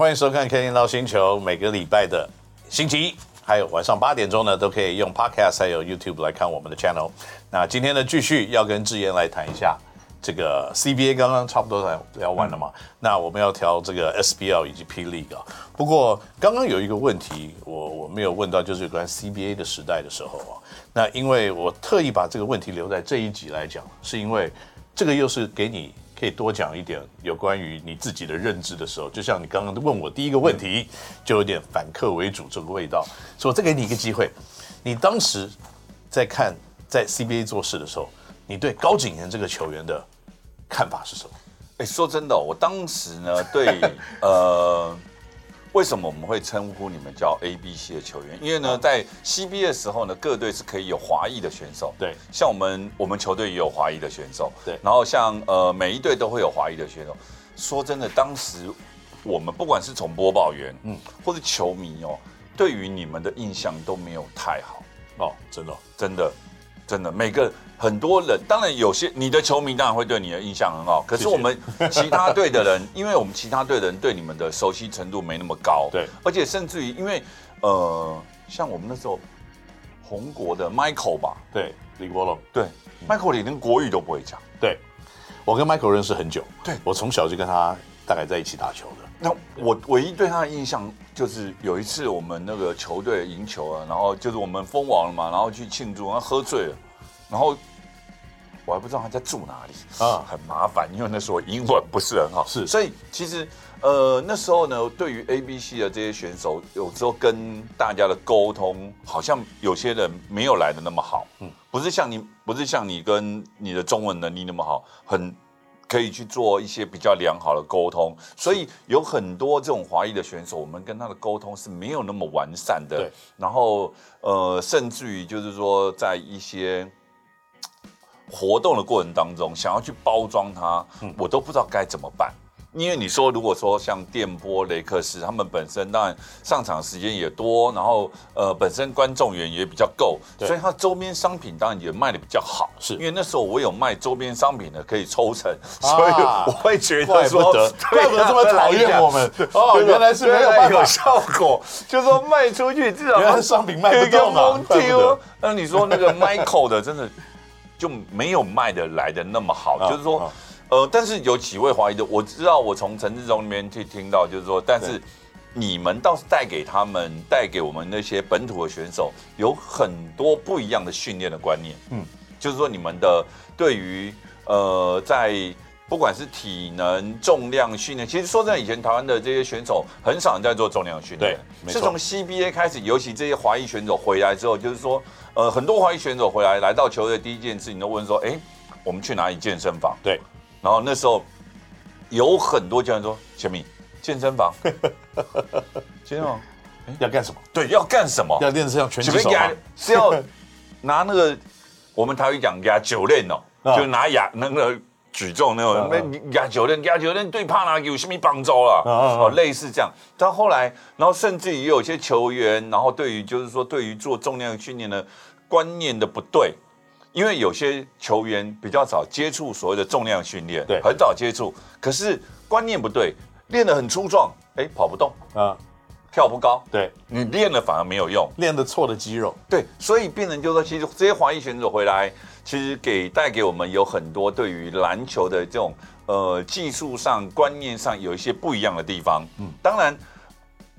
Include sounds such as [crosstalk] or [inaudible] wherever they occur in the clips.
歡迎收看《肯尼 NOW 星球》，每個禮拜的星期一，還有晚上八點鐘呢，都可以用 Podcast 還有 YouTube 來看我們的 Channel。那今天呢，繼續要跟志彥來談一下這個 CBA，剛剛差不多才聊完了嘛，嗯。那我們要調這個 SBL 以及 P League 啊。不過剛剛有一個問題，我我沒有問到，就是有關 CBA 的時代的時候啊。那因為我特意把這個問題留在這一集來講，是因為這個又是給你。可以多講一點有關於你自己的認知的時候，就像你剛剛問我第一個問題，嗯、就有點反客為主這個味道。所以我再給你一個機會，你當時在看在 CBA 做事的時候，你對高景炎這個球員的看法是什麼？哎、欸，說真的、哦，我當時呢，對， [laughs] 呃。為什麼我們會稱呼你們叫 ABC 的球員？因為呢，在 CBA 的時候呢，各隊是可以有華裔的選手。對，像我們我們球隊也有華裔的選手。對，然後像呃，每一隊都會有華裔的選手。說真的，當時我們不管是從播報員，嗯，或是球迷哦，對於你們的印象都沒有太好哦，真的，真的，真的每個。很多人當然有些你的球迷當然會對你的印象很好，可是我們其他隊的人，謝謝因為我們其他隊的人對你們的熟悉程度沒那麼高。對，而且甚至於因為，呃，像我們那時候紅國的 Michael 吧，對，李國龍，對，嗯，Michael 你連國語都不會講。對，我跟 Michael 認識很久，對，我從小就跟他大概在一起打球的。那我唯一對他的印象就是有一次我們那個球隊贏球了，然後就是我們封王了嘛，然後去慶祝，然後喝醉了，然後。我還不知道他在住哪裡啊，很麻煩，因為那時候英文不是很好，是，所以其實呃那時候呢，對於 ABC 的這些選手，有時候跟大家的溝通，好像有些人沒有來得那麼好，嗯，不是像你，不是像你跟你的中文能力那麼好，很可以去做一些比較良好的溝通，所以有很多這種華裔的選手，我們跟他的溝通是沒有那麼完善的，對，然後呃，甚至於就是說在一些。活動的過程當中，想要去包裝它、嗯，我都不知道該怎麼辦。因為你說，如果說像電波雷克斯他們本身，當然上場時間也多，然後呃，本身觀眾緣也比較夠，所以他周邊商品當然也賣得比較好。是因為那時候我有賣周邊商品的，可以抽成，所以我會覺得說，啊、怪不得為什麼這麼討厭我們。啊、哦，原來是沒有辦法、啊、效果，就是賣出去至少商品賣不夠好，那你說那個 Michael 的，真的？ [laughs] 就沒有賣的來的那麼好，就是說，呃，但是有幾位華裔的，我知道，我從陳志忠裡面去聽到，就是說，但是你們倒是帶給他們，帶給我們那些本土的選手，有很多不一樣的訓練的觀念。嗯，就是說你們的對於呃，在不管是體能、重量訓練，其實說真的，以前台灣的這些選手很少人在做重量訓練，是從 CBA 開始，尤其這些華裔選手回來之後，就是說。呃，很多華裔選手回來來到球隊，第一件事情都問說：“哎、欸，我們去哪裡健身房？”對，然後那時候有很多教練說：“小米，健身房，健身房要幹什麼？”對，要幹什麼？要練成像拳擊手嗎？是要拿那個 [laughs] 我們台灣講叫酒練哦、喔嗯，就拿牙那個。 [laughs] 舉重那種人，那教練、教練最怕了，有什麼幫助了、啊？哦、uh, uh, uh, 啊，類似這樣。到後來，然後甚至於有些球員，然後對於就是說，對於做重量訓練的觀念的不對，因為有些球員比較早接觸所謂的重量訓練，對，很早接觸，可是觀念不對，練的很粗壯，哎、欸，跑不動，啊、uh, 跳不高，對，你練了反而沒有用，練的錯的肌肉，對，所以病人就說，其實這些華裔選手回來。其實給帶給我們有很多對於籃球的這種呃技術上、觀念上有一些不一樣的地方。嗯，當然，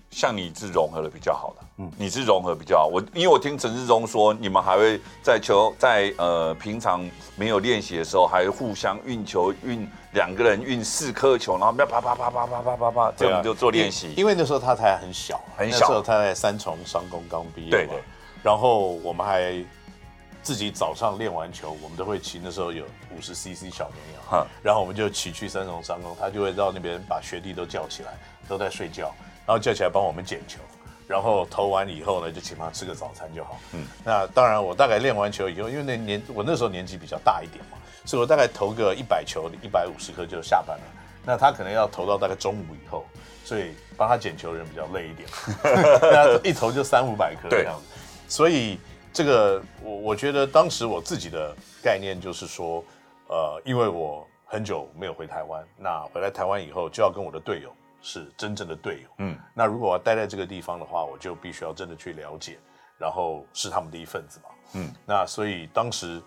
像你是融合的比較好的，嗯，你是融合比較好。我因為我聽陳志忠說，你們還會在球在呃平常沒有練習的時候，還會互相運球，運兩個人運四顆球，然後啪啪啪啪啪啪啪啪啪，這樣我們就做練習、啊。因為那時候他才很小，很小，那時候他在三重商工剛畢業嘛。對對、對。然後我們還。自己早上練完球，我們都會騎，那時候有五十 CC 小綿羊哈，然後我們就騎去三重商工，他就會到那邊把學弟都叫起來，都在睡覺，然後叫起來幫我們撿球，然後投完以後呢，就請他吃個早餐就好。嗯，那當然，我大概練完球以後，因為那年我那時候年紀比較大一點嘛，所以我大概投個一百球、一百五十顆就下班了。那他可能要投到大概中午以後，所以幫他撿球人比較累一點， [laughs] [laughs] 那一投就三五百顆這樣對所以。這個我我覺得當時我自己的概念就是說，呃，因為我很久沒有回台灣，那回來台灣以後就要跟我的隊友是真正的隊友，嗯，那如果我要待在這個地方的話，我就必須要真的去了解，然後是他們的一份子嘛，嗯，那所以當時。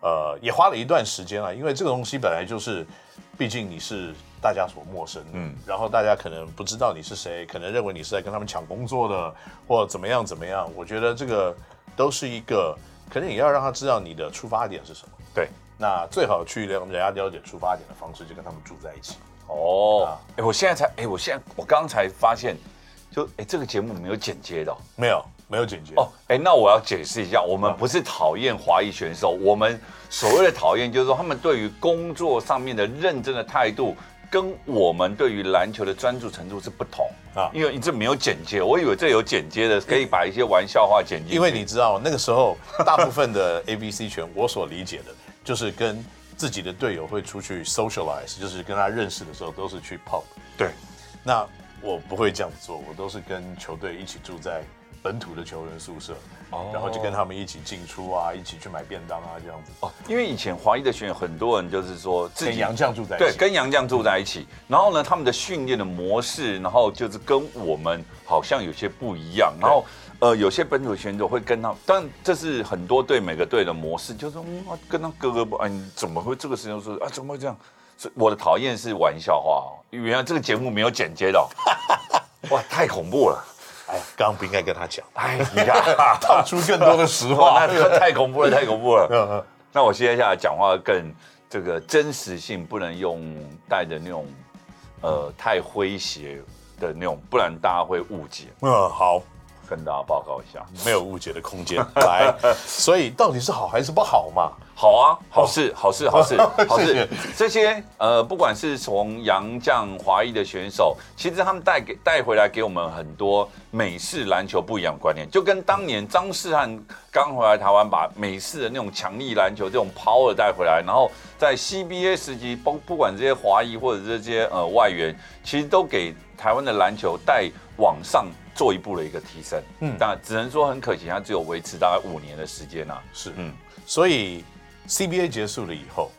呃，也花了一段時間了、啊，因為這個東西本來就是，畢竟你是大家所陌生，嗯，然後大家可能不知道你是誰，可能認為你是在跟他們搶工作的，或怎麼樣怎麼樣。我覺得這個都是一個，可能也要讓他知道你的出發點是什麼。對，那最好去讓人家了解出發點的方式，就跟他們住在一起。哦，哎、啊欸，我現在才，哎、欸，我現在我剛才發現，就哎、欸、這個節目沒有剪接到、哦，沒有。沒有剪接哦，哎，那我要解釋一下，我們不是討厭華裔選手，我們所謂的討厭就是說他們對於工作上面的認真的態度跟我們對於籃球的專注程度是不同啊。因為這沒有剪接，我以為這有剪接的，可以把一些玩笑話剪接。因為你知道那個時候大部分的 ABC 圈， [laughs] 我所理解的就是跟自己的隊友會出去 socialize，就是跟他認識的時候都是去泡。對，那我不會這樣做，我都是跟球隊一起住在。本土的球員宿舍，哦，然後就跟他們一起進出啊，一起去買便當啊，這樣子。哦，因為以前華裔的選手很多人就是說自己跟洋將住在一起，對，跟洋將住在一起，嗯。然後呢，他們的訓練的模式，然後就是跟我們好像有些不一樣。然後，呃，有些本土選手會跟他，但這是很多隊每個隊的模式，就是、嗯啊、跟他格格，不、哎、安，怎麼會這個時候說啊？怎麼會這樣？所以我的討厭是玩笑話哦，因為原來這個節目沒有剪接的，哦， [laughs] 哇，太恐怖了。哎，剛剛不應該跟他講。哎，你套 [laughs] 出更多的實話，那個，太恐怖了，太恐怖了。 [laughs] 那我接下來講話更這個真實性，不能用帶着那種呃太詼諧的那種，不然大家會誤解。嗯，好。跟大家報告一下，沒有誤解的空間。 [laughs] 來，所以到底是好還是不好嘛？好啊，oh. 好事，好事，好事，好 [laughs] 事。這些呃，不管是從洋將、華裔的選手，其實他們帶給帶回來給我們很多美式籃球不一樣的觀念，就跟當年張嗣漢剛回來台灣，把美式的那種強力籃球這種 power 帶回來，然後在 CBA 時期，不不管這些華裔或者這些呃外援，其實都給台灣的籃球帶往上。做一步的一個提升，嗯，當然只能說很可惜，它只有維持大概五年的時間啊，是，嗯，所以 C B A 結束了以後，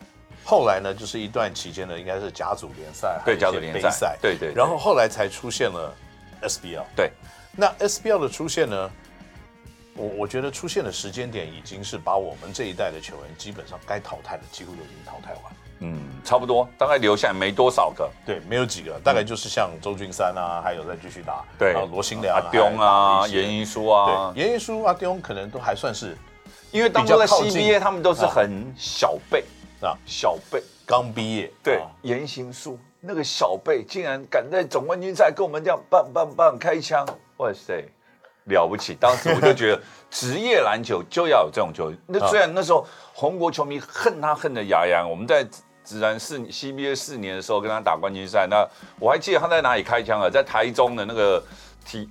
後來呢，就是一段期間呢，應該是甲組聯賽，對，甲組聯賽，對對，然後後來才出現了 S B L，對,對,對，那 S B L 的出現呢，我我覺得出現的時間點已經是把我們這一代的球員基本上該淘汰的幾乎都已經淘汰完了。嗯，差不多，大概留下沒多少個，對，沒有幾個，嗯、大概就是像周俊三啊，還有再繼續打，對，還有羅興樑、阿東啊、嚴、啊、一啊顏行書啊，顏行書、阿、啊、東可能都還算是，因為當初的 CBA 他們都是很小輩，啊，小輩、啊、剛畢業，對，顏、啊、行書那個小輩竟然敢在總冠軍賽跟我們這樣棒，棒棒棒開槍，哇塞，了不起！當時我就覺得職業籃球就要有這種球員。 [laughs] 那雖然那時候宏國球迷恨他恨得牙癢，我們在。自然是 CBA 四年的時候跟他打冠軍賽，那我還記得他在哪裡開槍啊，在台中的那個體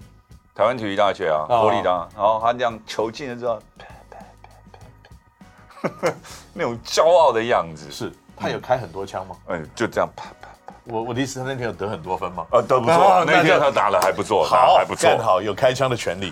台灣體育大學啊，哦、國立大、啊，然後他這樣球進了之後，呸呸呸呸呸呸 [laughs] 那種驕傲的樣子，是他有開很多槍嗎？嗯，嗯就這樣啪啪。啪我我的意思他那天有得很多分嗎？啊，得不錯、啊，那天他打了還不錯，好，還不錯，剛好有開槍的權利。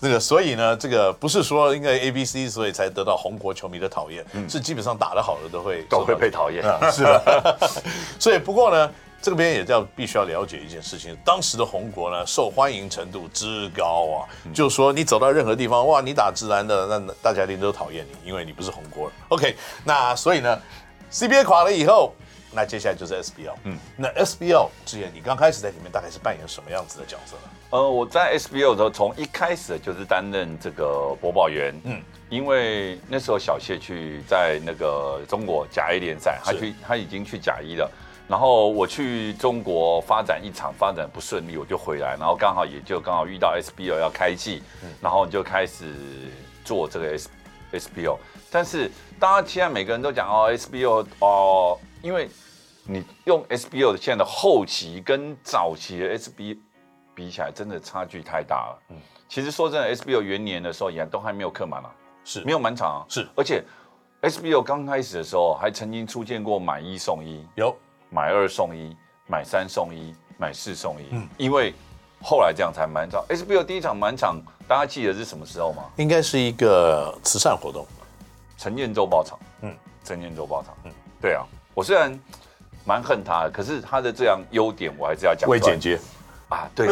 那 [laughs] 個，所以呢，這個不是說因為 A、B、C，所以才得到宏國球迷的討厭、嗯，是基本上打得好的都會都會被討厭、啊，是吧？ [laughs] [laughs] 所以不過呢，這邊也叫必須要了解一件事情，當時的宏國呢，受歡迎程度之高啊，嗯、就是說你走到任何地方，哇，你打職籃的那大家一定都討厭你，因為你不是宏國 OK，那所以呢，CBA 垮了以後。那接下來就是 SBL，嗯，那 SBL 志彥，你剛開始在裡面大概是扮演什麼樣子的角色呢？呃，我在 SBL 的時候，從一開始就是擔任這個播報員，嗯，因為那時候小謝去在那個中國甲 A 聯賽，他去他已經去甲一了，然後我去中國發展一場發展不順利，我就回來，然後剛好也就剛好遇到 SBL 要開季，嗯，然後就開始做這個 S SBL，但是大家現在每個人都講哦 SBL 哦，因為你用 SBL 的現在的後期跟早期的 SBL 比起來，真的差距太大了。嗯，其實說真的，SBL 元年的時候也都還沒有客滿啊，是沒有滿場啊。是，而且 SBL 剛開始的時候還曾經出現過買一送一，有買二送一，買三送一，買四送一。嗯，因為後來這樣才滿場。SBL 第一場滿場，大家記得是什麼時候嗎？應該是一個慈善活動。嗯，陳建州包場。嗯，陳建州包場。嗯，對啊，我雖然。蠻恨他，的，可是他的這樣優點我還是要講。未剪接啊，對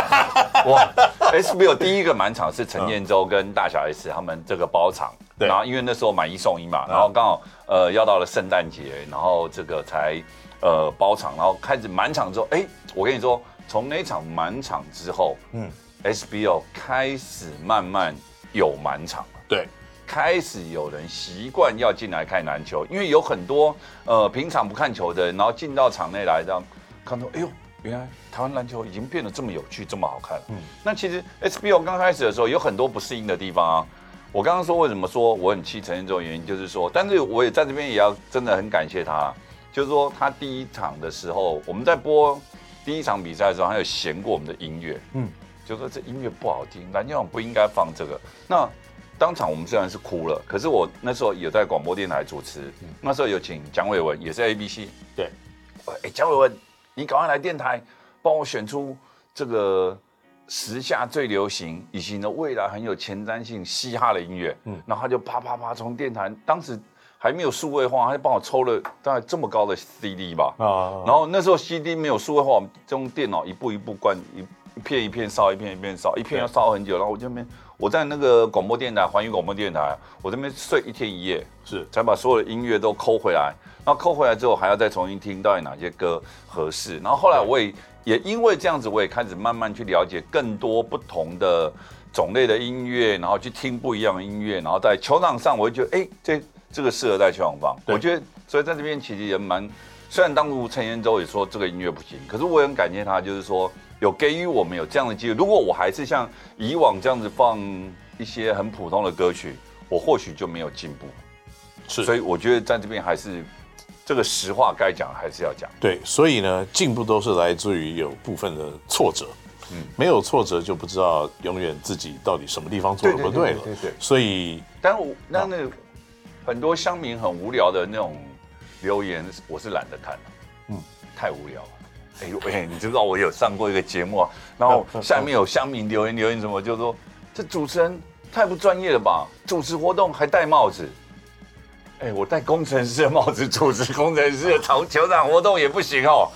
[laughs] 哇，哇 S [laughs] BL 第一個滿場是陳建州跟大小 S 他們這個包場，對、嗯。然後因為那時候買一送一嘛，嗯、然後剛好呃要到了聖誕節，然後這個才呃包場，然後開始滿場之後，哎、欸，我跟你說，從那場滿場之後，嗯 SBL 開始慢慢有滿場、嗯、對。開始有人習慣要進來看籃球，因為有很多呃平常不看球的人，然後進到場內來這樣，然後看到，哎呦，原來台灣籃球已經變得這麼有趣，這麼好看了。嗯，那其實 SBL 剛、嗯、開始的時候，有很多不適應的地方啊。我剛剛說為什麼說我很氣，其中這種原因就是說，但是我也在這邊也要真的很感謝他，就是說他第一場的時候，我們在播第一場比賽的時候，他有嫌過我們的音樂，嗯，就說這音樂不好聽，籃球場不應該放這個。那當場我們雖然是哭了，可是我那時候有在廣播電臺主持，嗯、那時候有請蔣偉文，也是 A B C，對，哎蔣偉文，你趕快來電臺幫我選出這個時下最流行以及呢未來很有前瞻性嘻哈的音樂，嗯，然後他就啪啪啪從電臺，當時還沒有數位化，他就幫我抽了大概這麼高的 CD 吧，啊，然後那時候 CD 沒有數位化，我們用電腦一步一步灌，一片一片燒，一片一片燒，一片要燒很久，然後我就沒。我在那個廣播電台，寰宇廣播電台，我這邊睡一天一夜，是才把所有的音樂都摳回來。然後摳回來之後，還要再重新聽，到底哪些歌合適。然後後來我也也因為這樣子，我也開始慢慢去了解更多不同的種類的音樂，然後去聽不一樣的音樂。然後在球場上，我會覺得，哎、欸，這這個適合在球場放。我覺得，所以在這邊其實也蠻……雖然當初陳延州也說這個音樂不行，可是我也很感謝他，就是說。有給予我們有這樣的機會，如果我還是像以往這樣子放一些很普通的歌曲，我或許就沒有進步。是，所以我覺得在這邊還是這個實話該講還是要講。對，所以呢，進步都是來自於有部分的挫折。嗯，沒有挫折就不知道永遠自己到底什麼地方做得不對了。對對，對，對，對對。所以，但我那那個嗯、很多鄉民很無聊的那種留言，我是懶得看了，啊。嗯，太無聊了。哎呦喂、哎！你知道我有上過一個節目，啊？然後下面有鄉民留言留言，留言什麼就是、說這主持人太不專業了吧？主持活動還戴帽子。哎，我戴工程師的帽子主持工程師的場球場活動也不行哦。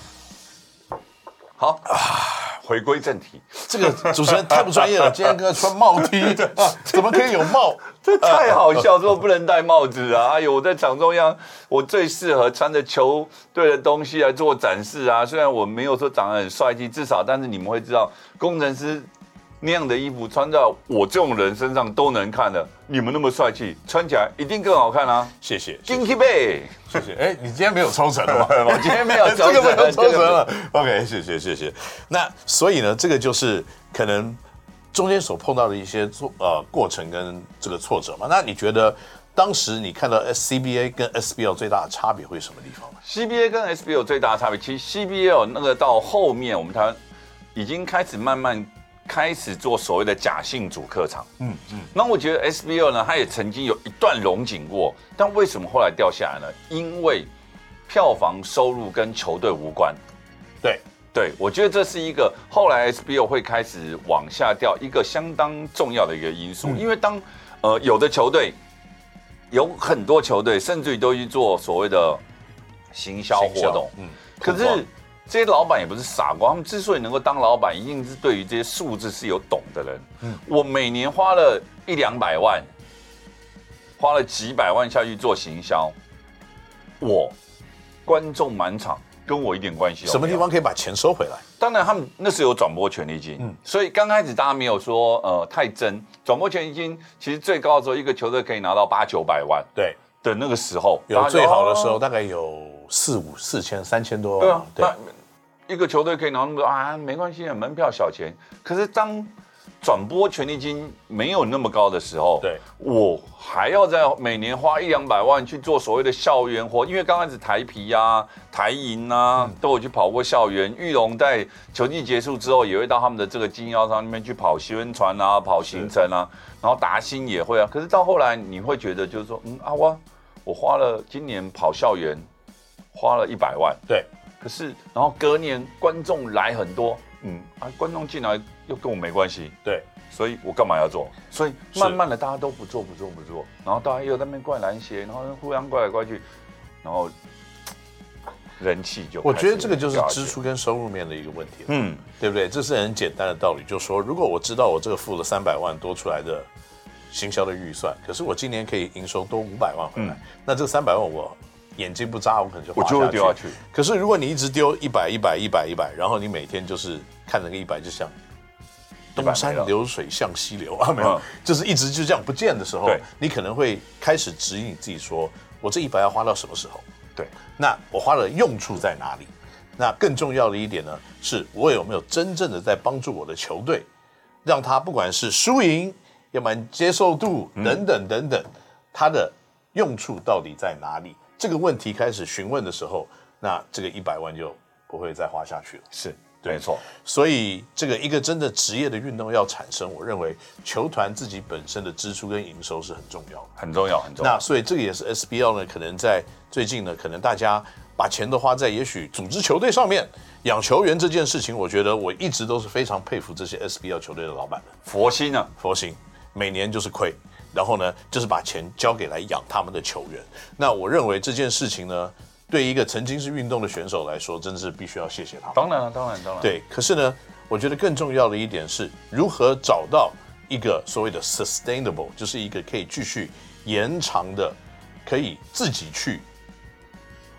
好啊。回歸正題，這個主持人太不專業了。 [laughs] 今天哥穿帽 T， [laughs] 啊、怎麼可以有帽？ [laughs] 這太好笑， [laughs] 說不能戴帽子啊！哎呦，我在場中央，我最適合穿着球隊的東西來做展示啊。雖然我沒有說長得很帥氣，至少但是你們會知道，工程師。那樣的衣服穿到我這種人身上都能看的，你們那麼帥氣，穿起來一定更好看啊。謝謝金基貝。謝謝。哎、欸，你今天沒有抽成了嗎？ [laughs] 我今天沒有, [laughs] 這沒有，這個沒有抽成了。OK，、嗯、謝謝，謝謝。那所以呢，這個就是可能中間所碰到的一些錯呃過程跟這個挫折嘛。那你覺得當時你看到 SCBA 跟 SBL 最大的差別會什麼地方呢？CBA 跟 SBL 最大的差別，其實 CBL 那個到後面我們才已經開始慢慢。開始做所謂的假性主客場，嗯。嗯嗯，那我覺得 SBL 呢，它也曾經有一段榮景過，但為什麼後來掉下來呢？因為票房收入跟球隊無關。對對，我覺得這是一個後來 SBL 會開始往下掉一個相當重要的一個因素。嗯，因為當呃有的球隊有很多球隊，甚至於都去做所謂的行銷活動行銷，嗯，可是。這些老闆也不是傻瓜，他們之所以能夠當老闆，一定是對於這些數字是有懂的人。嗯，我每年花了一兩百萬，花了幾百萬下去做行銷，我觀眾滿場，跟我一點關係都沒有。什麼地方可以把錢收回來？當然，他們那是有轉播權利金。嗯，所以剛開始大家沒有說呃太真轉播權利金，其實最高的時候一個球隊可以拿到八九百萬，對，的那個時候有最好的時候大、啊、大概有四五四千三千多。對啊，對。一個球隊可以拿那麼多啊，沒關係啊，門票小錢。可是當轉播權利金沒有那麼高的時候，對，我還要在每年花一兩百萬去做所謂的校園活，因為剛開始台啤啊、台銀啊都有去跑過校園，玉龍在球季結束之後也會到他們的這個經銷商那邊去跑宣傳啊、跑行程啊，然後達欣也會啊。可是到後來你會覺得就是說，嗯，阿汪，我花了今年跑校園花了一百萬，對。可是，然後隔年觀眾來很多，嗯啊，觀眾進來又跟我沒關係，對，所以我幹嘛要做？所以慢慢的大家都不做，不做，不做，然後大家又在那邊怪籃協，然後互相怪來怪去，然後人氣就我覺得這個就是支出跟收入面的一個問題了，嗯，對不對？這是很簡單的道理，就是說，如果我知道我這個付了三百萬多出來的行銷的預算，可是我今年可以營收多五百萬回來，嗯，那這三百萬我。眼睛不眨，我可能就我就會丟下去。可是如果你一直丟一百一百一百一百，然後你每天就是看那個一百，就像東山流水向西流，啊，沒有，Uh-huh. 就是一直就這樣不見的時候，你可能會開始指引你自己說：說我這一百要花到什麼時候？對，那我花的用處在哪裡？那更重要的一點呢，是我有沒有真正的在幫助我的球隊，讓他不管是輸贏，要不接受度等等等等，嗯，他的用處到底在哪裡？這個問題開始詢問的時候，那這個一百萬就不會再花下去了。是對，沒錯。所以這個一個真的職業的運動要產生，我認為球團自己本身的支出跟營收是很重要，很重要，很重要。那所以這個也是 SBL 呢，可能在最近呢，可能大家把錢都花在也許組織球隊上面、養球員這件事情，我覺得我一直都是非常佩服這些 SBL 球隊的老闆們，佛心啊，佛心，每年就是虧。然後呢，就是把錢交給來養他們的球員。那我認為這件事情呢，對一個曾經是運動的選手來說，真的是必須要謝謝他。當然了，當然，當然。對，可是呢，我覺得更重要的一點是，如何找到一個所謂的 sustainable，就是一個可以繼續延長的，可以自己去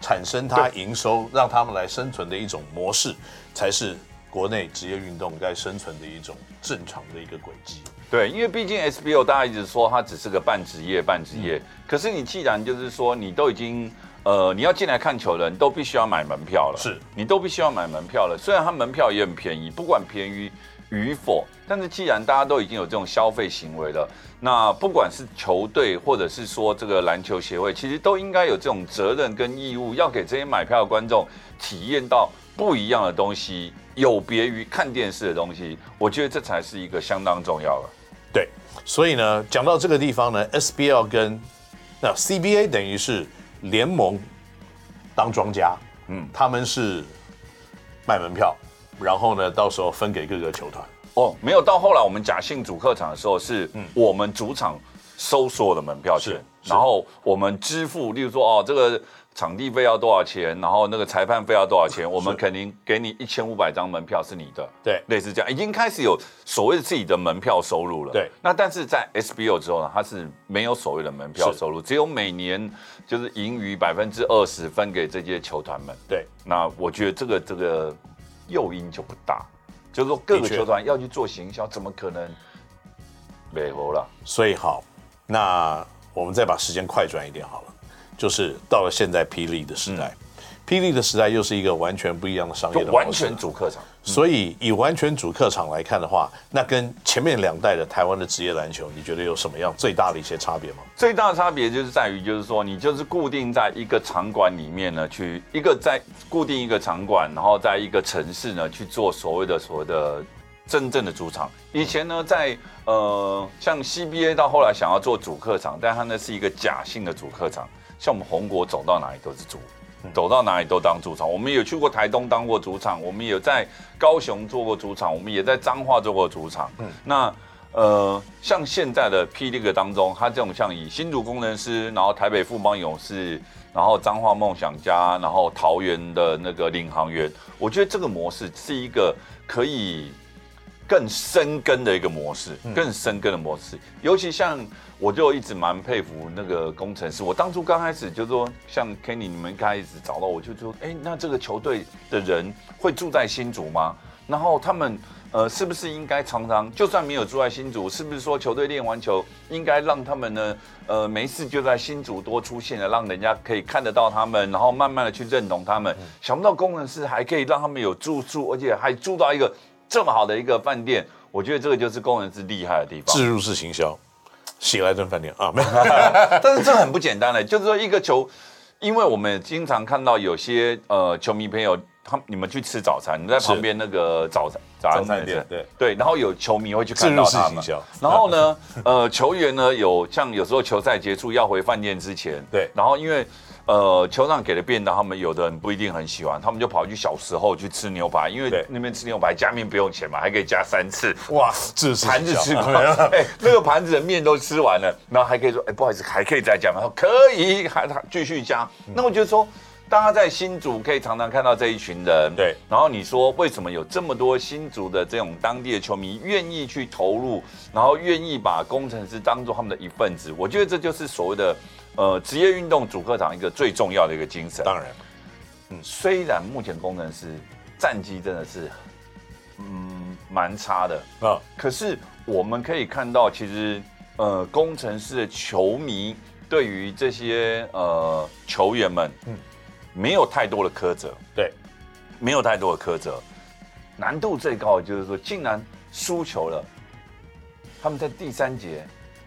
產生它營收，讓他們來生存的一種模式，才是國內職業運動該生存的一種正常的一個軌跡。對，因為畢竟 SBL 大家一直說它只是個半職業、半職業、嗯。可是你既然就是說你都已經，呃，你要進來看球的人都必須要買門票了。是，你都必須要買門票了。雖然它門票也很便宜，不管便宜與否，但是既然大家都已經有這種消費行為了，那不管是球隊或者是說這個籃球協會，其實都應該有這種責任跟義務，要給這些買票的觀眾體驗到不一樣的東西，有別於看電視的東西。我覺得這才是一個相當重要的。對，所以呢，講到這個地方呢，SBL 跟那 CBA 等於是聯盟當莊家，嗯，他們是賣門票，然後呢，到時候分給各個球團。哦，沒有到後來我們假性主客場的時候，是我們主場收所有的門票錢，嗯，然後我們支付，例如說哦這個。場地費要多少錢？然後那個裁判費要多少錢？我們肯定給你一千五百張門票是你的，對，類似這樣，已經開始有所謂的自己的門票收入了。對，那但是在 SBL 之後呢，它是沒有所謂的門票收入，只有每年就是盈餘百分之二十分給這些球團們。對，那我覺得這個這個誘因就不大，就是說各個球團要去做行銷，怎麼可能？沒有了。所以好，那我們再把時間快轉一點好了。就是到了現在 P. LEAGUE 的時代，嗯、P. LEAGUE 的時代又是一個完全不一樣的商業的、啊、完全主客場、嗯，所以以完全主客場來看的話，那跟前面兩代的台灣的職業籃球，你覺得有什麼樣最大的一些差別嗎？最大的差別就是在於，就是說你就是固定在一個場館裡面呢，去一個在固定一個場館，然後在一個城市呢去做所謂的所謂的真正的主場。以前呢，在呃像 CBA 到後來想要做主客場，但它呢是一個假性的主客場。像我們宏國走到哪裡都是主，走到哪裡都當主場。我們有去過台東當過主場，我們有在高雄做過主場，我們也在彰化做過主場。嗯，那，那呃，像現在的 P. LEAGUE+ 當中，它這種像以新竹攻城獅，然後台北富邦勇士，然後彰化夢想家，然後桃園的那個領航猿，我覺得這個模式是一個可以。更深耕的一個模式，更深耕的模式，嗯、尤其像我就一直蠻佩服那個工程師。我當初剛開始就是說，像 Kenny 你們一開始找到我，就說，哎、欸，那這個球隊的人會住在新竹嗎？然後他們呃是不是應該常常，就算沒有住在新竹，是不是說球隊練完球應該讓他們呢呃沒事就在新竹多出現了讓人家可以看得到他們，然後慢慢的去認同他們。嗯、想不到工程師還可以讓他們有住宿，而且還住到一個。這麼好的一個飯店，我覺得這個就是工人之厲害的地方。置入式行銷，喜來登飯店啊，沒有。 [laughs] 但是這很不簡單的就是說一個球，因為我們經常看到有些呃球迷朋友，他你們去吃早餐，你在旁邊那個早餐早，早餐店，對對。然後有球迷會去看到置入式行銷。然後呢，嗯、呃球員呢有像有時候球賽結束要回飯店之前，對。然後因為呃，球場給的便當，他們有的人不一定很喜歡，他們就跑去小時候去吃牛排，因為那邊吃牛排加麵不用錢嘛，還可以加三次。哇，盤 [laughs] 子吃光哎， [laughs] 欸、 [laughs] 那個盤子的麵都吃完了，然後還可以說，哎、欸，不好意思，還可以再加嗎？然後可以，還還繼續加、嗯。那我覺得說，大家在新竹可以常常看到這一群人，對。然後你說為什麼有這麼多新竹的這種當地的球迷願意去投入，然後願意把工程師當做他們的一份子？我覺得這就是所謂的。呃，職業運動主客場一個最重要的一個精神，當然，嗯，雖然目前工程師戰績真的是，嗯，蠻差的啊，嗯，可是我們可以看到，其實呃，工程師的球迷對於這些呃球員們，嗯，沒有太多的苛責，對，沒有太多的苛責，難度最高的就是說，竟然輸球了，他們在第三節。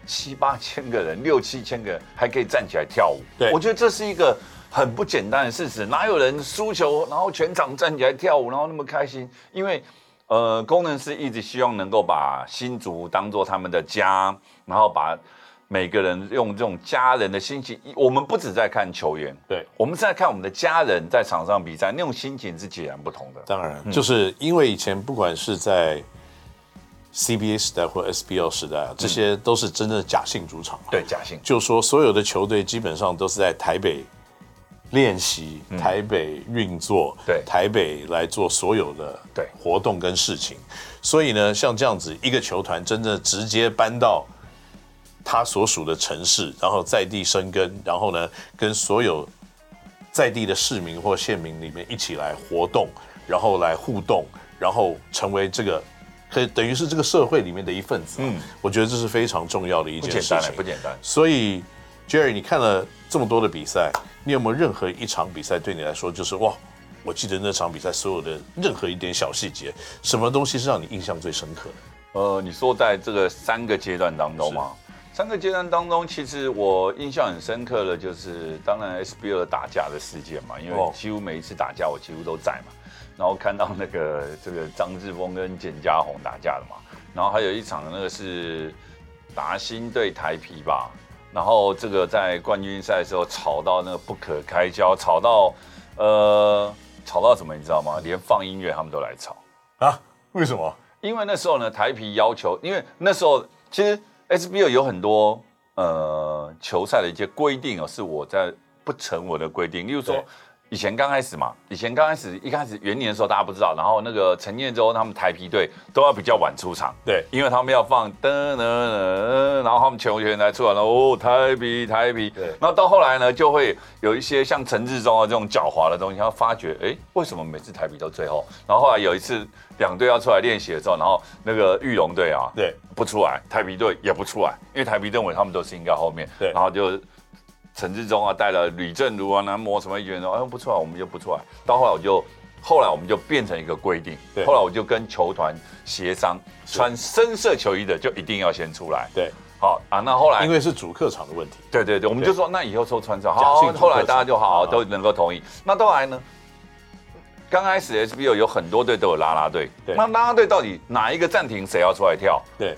七八千個人，六七千個人還可以站起來跳舞。對，我覺得這是一個很不簡單的事情。哪有人輸球，然後全場站起來跳舞，然後那麼開心？因為，呃，攻城獅一直希望能夠把新竹當做他們的家，然後把每個人用這種家人的心情。我們不止在看球員，對，我們是在看我們的家人在場上比賽，那種心情是截然不同的。當然，嗯，就是因為以前不管是在。CBA 時代或 SBL 時代啊，這些都是真正的假性主場嘛，啊嗯，對，假性，就是說所有的球隊基本上都是在台北練習，嗯，台北運作，對，台北來做所有的對活動跟事情。所以呢，像這樣子一個球團，真的直接搬到他所屬的城市，然後在地生根，然後呢，跟所有在地的市民或縣民裡面一起來活動，然後來互動，然後成為這個。等於是這個社會裡面的一份子，啊。嗯，我覺得這是非常重要的一件事情，不簡單，不簡單。所以，Jerry，你看了這麼多的比賽，你有沒有任何一場比賽對你來說就是哇？我記得那場比賽所有的任何一點小細節，什麼東西是讓你印象最深刻的？呃，你說在這個三個階段當中嗎？三個階段當中，其實我印象很深刻的，就是當然 SBL 打架的事件嘛，因為幾乎每一次打架，我幾乎都在嘛，哦。哦然後看到那個這個張智峰跟簡嘉宏打架了嘛，然後還有一場那個是達欣對台啤吧，然後這個在冠軍賽的時候吵到那個不可開交，吵到呃吵到什麼你知道嗎？連放音樂他們都來吵啊？為什麼？因為那時候呢台啤要求，因為那時候其實 SBL 有很多呃球賽的一些規定哦，是我在不成文的規定，例如說。以前剛開始嘛，以前剛開始，一開始元年的時候大家不知道，然後那個陳建州他們台啤隊都要比較晚出場，對，因為他們要放燈，然後他們全部全來出來了，哦，台啤，台啤。對，然後到後來呢，就會有一些像陳志忠啊這種狡猾的東西，他會發覺，哎、欸，為什麼每次台啤都最後？然後後來有一次兩隊要出來練習的時候，然後那個裕隆隊啊，對，不出來，台啤隊也不出來，因為台啤認為他們都是應該後面，對，然後就。陳志忠啊，帶了呂正如啊，南摩什麼一群說，哎，不出來，我們就不出來。到後來我就，後來我們就變成一個規定。對，後來我就跟球團協商，穿深色球衣的就一定要先出來。對，好啊，那後來因為是主客場的問題。對對對，我們就說那以後抽穿上好，好，後來大家就好，好都能夠同意、啊。那後來呢？剛開始 SBL 有很多隊都有拉拉隊，那拉拉隊到底哪一個暫停誰要出來跳？對，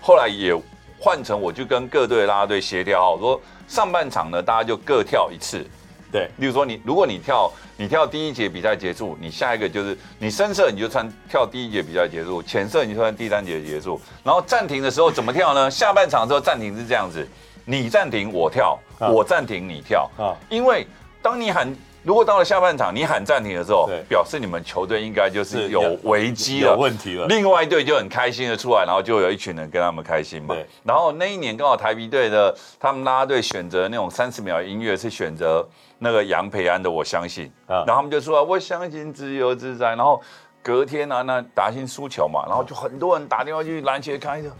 後來也。換成我就跟各隊的拉拉隊協調，好，說上半場呢，大家就各跳一次。對，例如說你，如果你跳，你跳第一節比賽結束，你下一個就是你深色，你就穿跳第一節比賽結束；淺色，你就穿第三節結束。然後暫停的時候怎麼跳呢？下半場的時候暫停是這樣子，你暫停我跳，我暫停你跳。啊，因為當你喊。如果到了下半場，你喊暫停的時候，表示你們球隊應該就是有危機了，有問題了。另外一隊就很開心的出來，然後就有一群人跟他們開心嘛。然後那一年剛好台啤隊的他們拉隊選擇那種三十秒音樂是選擇那個楊培安的，我相信，然後他們就出來我相信自由自在。然後隔天呢、啊，那達欣輸球嘛，然後就很多人打電話去籃協看一下。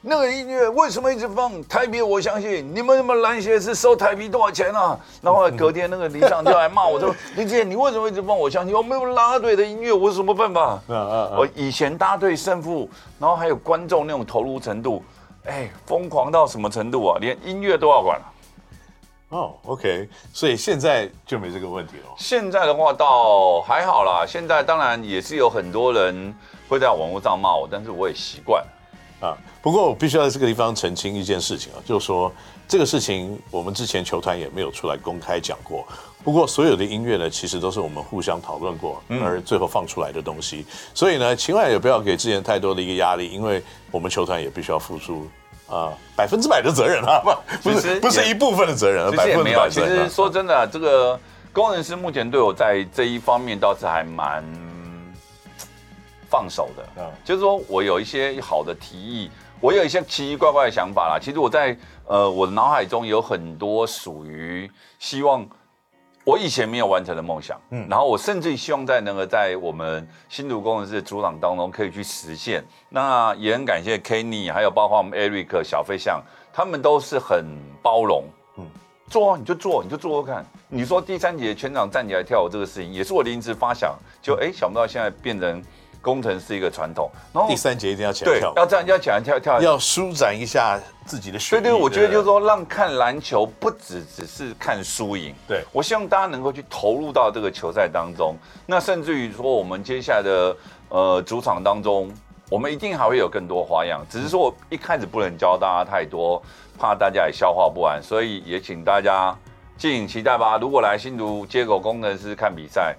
那個音樂為什麼一直放台幣？我相信你們那麼籃協是收台幣多少錢啊？然後，後隔天那個李想就來罵我，說：“ [laughs] 李姐，你為什麼一直放？我相信我沒有拉隊的音樂，我有什麼辦法？”啊啊，啊！我以前搭隊勝負，然後還有觀眾那種投入程度，哎、欸，瘋狂到什麼程度啊？連音樂都要管、啊。哦、oh，OK，所以現在就沒這個問題了。現在的話，倒還好啦。現在當然也是有很多人會在網絡上罵我，但是我也習慣。啊，不過我必須要在這個地方澄清一件事情啊，就是說這個事情我們之前球團也沒有出來公開講過。不過所有的音樂呢，其實都是我們互相討論過，而最後放出來的東西。嗯、所以呢，千萬也不要給之前太多的一個壓力，因為我們球團也必須要付出啊百分之百的責任啊，不是不是一部分的責任、啊，百分百責任、啊。其實其實說真的、啊嗯，這個工程師目前對我在這一方面倒是還蠻。放手的，嗯，就是說我有一些好的提議，我有一些奇奇怪怪的想法啦。其實我在呃，我的腦海中有很多屬於希望我以前沒有完成的夢想，嗯，然後我甚至希望在能夠在我們新竹攻城獅的主場當中可以去實現。那也很感謝 Kenny，還有包括我們 Eric 小飛象，他們都是很包容，嗯，做啊，你就做，你就做做看。你說第三節全場站起來跳舞這個事情，也是我臨時發想，就哎想不到現在變成，工程是一個傳統，然後第三節一定要起來跳，要這樣要起來跳跳，要舒展一下自己的、血的。所以，對，我覺得就是說，讓看籃球不止只是看輸贏。對，我希望大家能夠去投入到這個球賽當中，那甚至於說我們接下來的呃主場當中，我們一定還會有更多花樣。只是說我一開始不能教大家太多，怕大家也消化不完，所以也請大家敬請期待吧。如果來新竹接口工程師看比賽。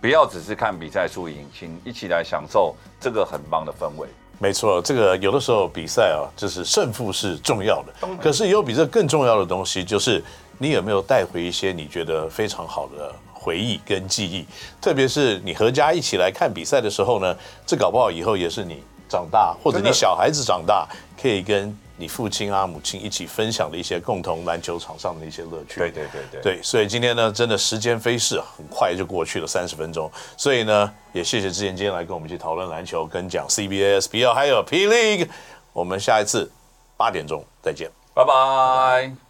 不要只是看比賽輸贏，請一起來享受這個很棒的氛圍。沒錯，這個有的時候比賽啊，就是勝負是重要的、嗯。可是也有比這更重要的東西，就是你有沒有帶回一些你覺得非常好的回憶跟記憶。特別是你闔家一起來看比賽的時候呢，這搞不好以後也是你長大或者你小孩子長大可以跟。你父親啊、母親一起分享的一些共同籃球場上的一些樂趣。對對對對。對，所以今天呢，真的時間飛逝，很快就過去了三十分鐘。所以呢，也謝謝志彥今天來跟我們一起討論籃球、跟講 CBA、SBL 還有 P League。我們下一次八點鐘再見，拜拜。